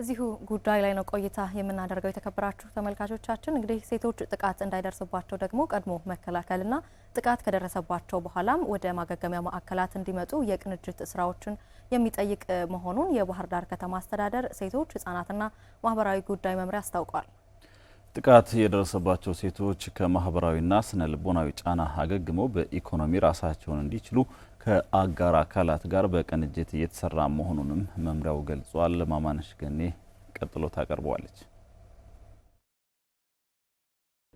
እዚሁ ጉዳይ ላይ ነው ቆይታ የምናደርገው። የተከበራችሁ ተመልካቾቻችን እንግዲህ ሴቶች ጥቃት እንዳይደርስባቸው ደግሞ ቀድሞ መከላከልና ጥቃት ከደረሰባቸው በኋላም ወደ ማገገሚያ ማዕከላት እንዲመጡ የቅንጅት ስራዎችን የሚጠይቅ መሆኑን የባህር ዳር ከተማ አስተዳደር ሴቶች ሕጻናትና ማህበራዊ ጉዳይ መምሪያ አስታውቋል። ጥቃት የደረሰባቸው ሴቶች ከማህበራዊና ስነ ልቦናዊ ጫና አገግመው በኢኮኖሚ ራሳቸውን እንዲችሉ ከአጋር አካላት ጋር በቅንጅት እየተሰራ መሆኑንም መምሪያው ገልጿል። ማማነሽ ገኔ ቀጥሎ ታቀርበዋለች።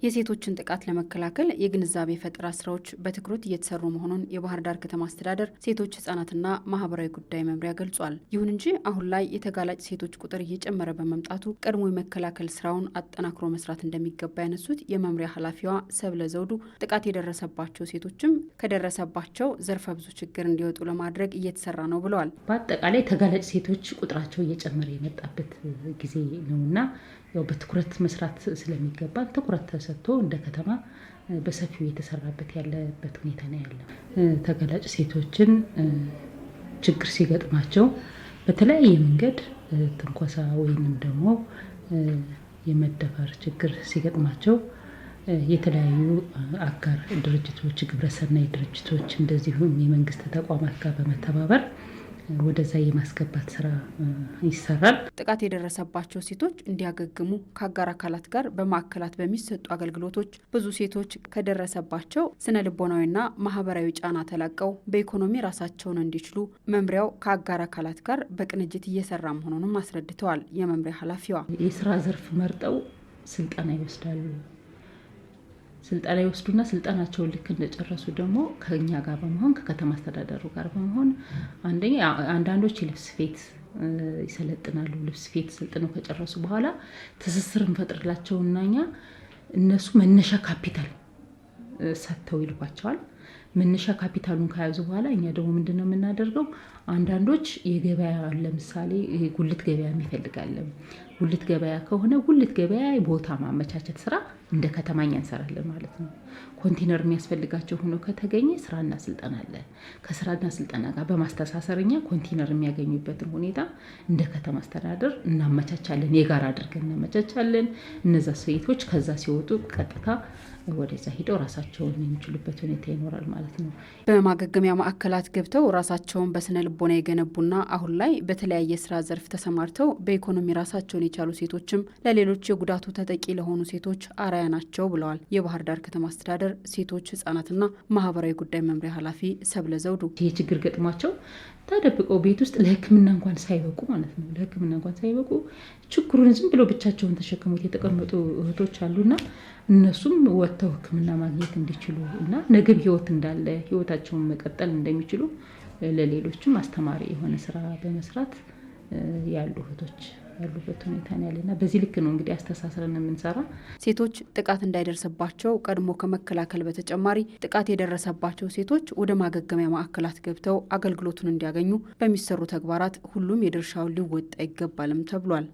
የሴቶችን ጥቃት ለመከላከል የግንዛቤ ፈጠራ ስራዎች በትኩረት እየተሰሩ መሆኑን የባህር ዳር ከተማ አስተዳደር ሴቶች ህጻናትና ማህበራዊ ጉዳይ መምሪያ ገልጿል። ይሁን እንጂ አሁን ላይ የተጋላጭ ሴቶች ቁጥር እየጨመረ በመምጣቱ ቀድሞ የመከላከል ስራውን አጠናክሮ መስራት እንደሚገባ ያነሱት የመምሪያ ኃላፊዋ ሰብለ ዘውዱ ጥቃት የደረሰባቸው ሴቶችም ከደረሰባቸው ዘርፈ ብዙ ችግር እንዲወጡ ለማድረግ እየተሰራ ነው ብለዋል። በአጠቃላይ ተጋላጭ ሴቶች ቁጥራቸው እየጨመረ የመጣበት ጊዜ ነውና ያው በትኩረት መስራት ስለሚገባ ትኩረት ተሰጥቶ እንደ ከተማ በሰፊው የተሰራበት ያለበት ሁኔታ ነው ያለው። ተገላጭ ሴቶችን ችግር ሲገጥማቸው በተለያየ መንገድ ትንኮሳ ወይንም ደግሞ የመደፈር ችግር ሲገጥማቸው የተለያዩ አጋር ድርጅቶች፣ ግብረሰናይ ድርጅቶች እንደዚሁም የመንግስት ተቋማት ጋር በመተባበር ወደዛ የማስገባት ስራ ይሰራል። ጥቃት የደረሰባቸው ሴቶች እንዲያገግሙ ከአጋር አካላት ጋር በማዕከላት በሚሰጡ አገልግሎቶች ብዙ ሴቶች ከደረሰባቸው ስነ ልቦናዊና ማህበራዊ ጫና ተላቀው በኢኮኖሚ ራሳቸውን እንዲችሉ መምሪያው ከአጋር አካላት ጋር በቅንጅት እየሰራ መሆኑንም አስረድተዋል። የመምሪያ ኃላፊዋ የስራ ዘርፍ መርጠው ስልጠና ይወስዳሉ። ስልጠና ይወስዱና ስልጠናቸውን ልክ እንደጨረሱ ደግሞ ከኛ ጋር በመሆን ከከተማ አስተዳደሩ ጋር በመሆን አንደኛ አንዳንዶች የልብስ ስፌት ይሰለጥናሉ። ልብስ ስፌት ስልጥነው ከጨረሱ በኋላ ትስስር እንፈጥርላቸውና እኛ እነሱ መነሻ ካፒታል ሰጥተው ይልኳቸዋል። መነሻ ካፒታሉን ከያዙ በኋላ እኛ ደግሞ ምንድን ነው የምናደርገው? አንዳንዶች የገበያ ለምሳሌ ጉልት ገበያ ይፈልጋለን። ጉልት ገበያ ከሆነ ጉልት ገበያ ቦታ ማመቻቸት ስራ እንደ ከተማኛ እንሰራለን ማለት ነው። ኮንቴነር የሚያስፈልጋቸው ሆኖ ከተገኘ ስራና ስልጠና አለ። ከስራና ስልጠና ጋር በማስተሳሰርኛ ኮንቴነር የሚያገኙበትን ሁኔታ እንደ ከተማ አስተዳደር እናመቻቻለን። የጋራ አድርገን እናመቻቻለን። እነዛ ሴቶች ከዛ ሲወጡ ቀጥታ ወደዛ ሂደው ራሳቸውን የሚችሉበት ሁኔታ ይኖራል። ይኖራል ማለት ነው። በማገገሚያ ማዕከላት ገብተው ራሳቸውን በስነ ልቦና የገነቡና አሁን ላይ በተለያየ ስራ ዘርፍ ተሰማርተው በኢኮኖሚ ራሳቸውን የቻሉ ሴቶችም ለሌሎች የጉዳቱ ተጠቂ ለሆኑ ሴቶች አርአያ ናቸው ብለዋል የባህር ዳር ከተማ አስተዳደር ሴቶች ህጻናትና ማህበራዊ ጉዳይ መምሪያ ኃላፊ ሰብለ ዘውዱ። ይህ ችግር ገጥሟቸው ተደብቀው ቤት ውስጥ ለሕክምና እንኳን ሳይበቁ ማለት ነው ለሕክምና እንኳን ሳይበቁ ችግሩን ዝም ብለው ብቻቸውን ተሸክሙት የተቀመጡ እህቶች አሉና እነሱም ወጥተው ሕክምና ማግኘት እንዲችሉ እና ነገም ህይወት እንዳለ ህይወታቸውን መቀጠል እንደሚችሉ ለሌሎችም አስተማሪ የሆነ ስራ በመስራት ያሉ እህቶች ያሉበት ሁኔታ ነው ያለና በዚህ ልክ ነው እንግዲህ አስተሳስረን የምንሰራ። ሴቶች ጥቃት እንዳይደርስባቸው ቀድሞ ከመከላከል በተጨማሪ ጥቃት የደረሰባቸው ሴቶች ወደ ማገገሚያ ማዕከላት ገብተው አገልግሎቱን እንዲያገኙ በሚሰሩ ተግባራት ሁሉም የድርሻውን ሊወጣ ይገባልም ተብሏል።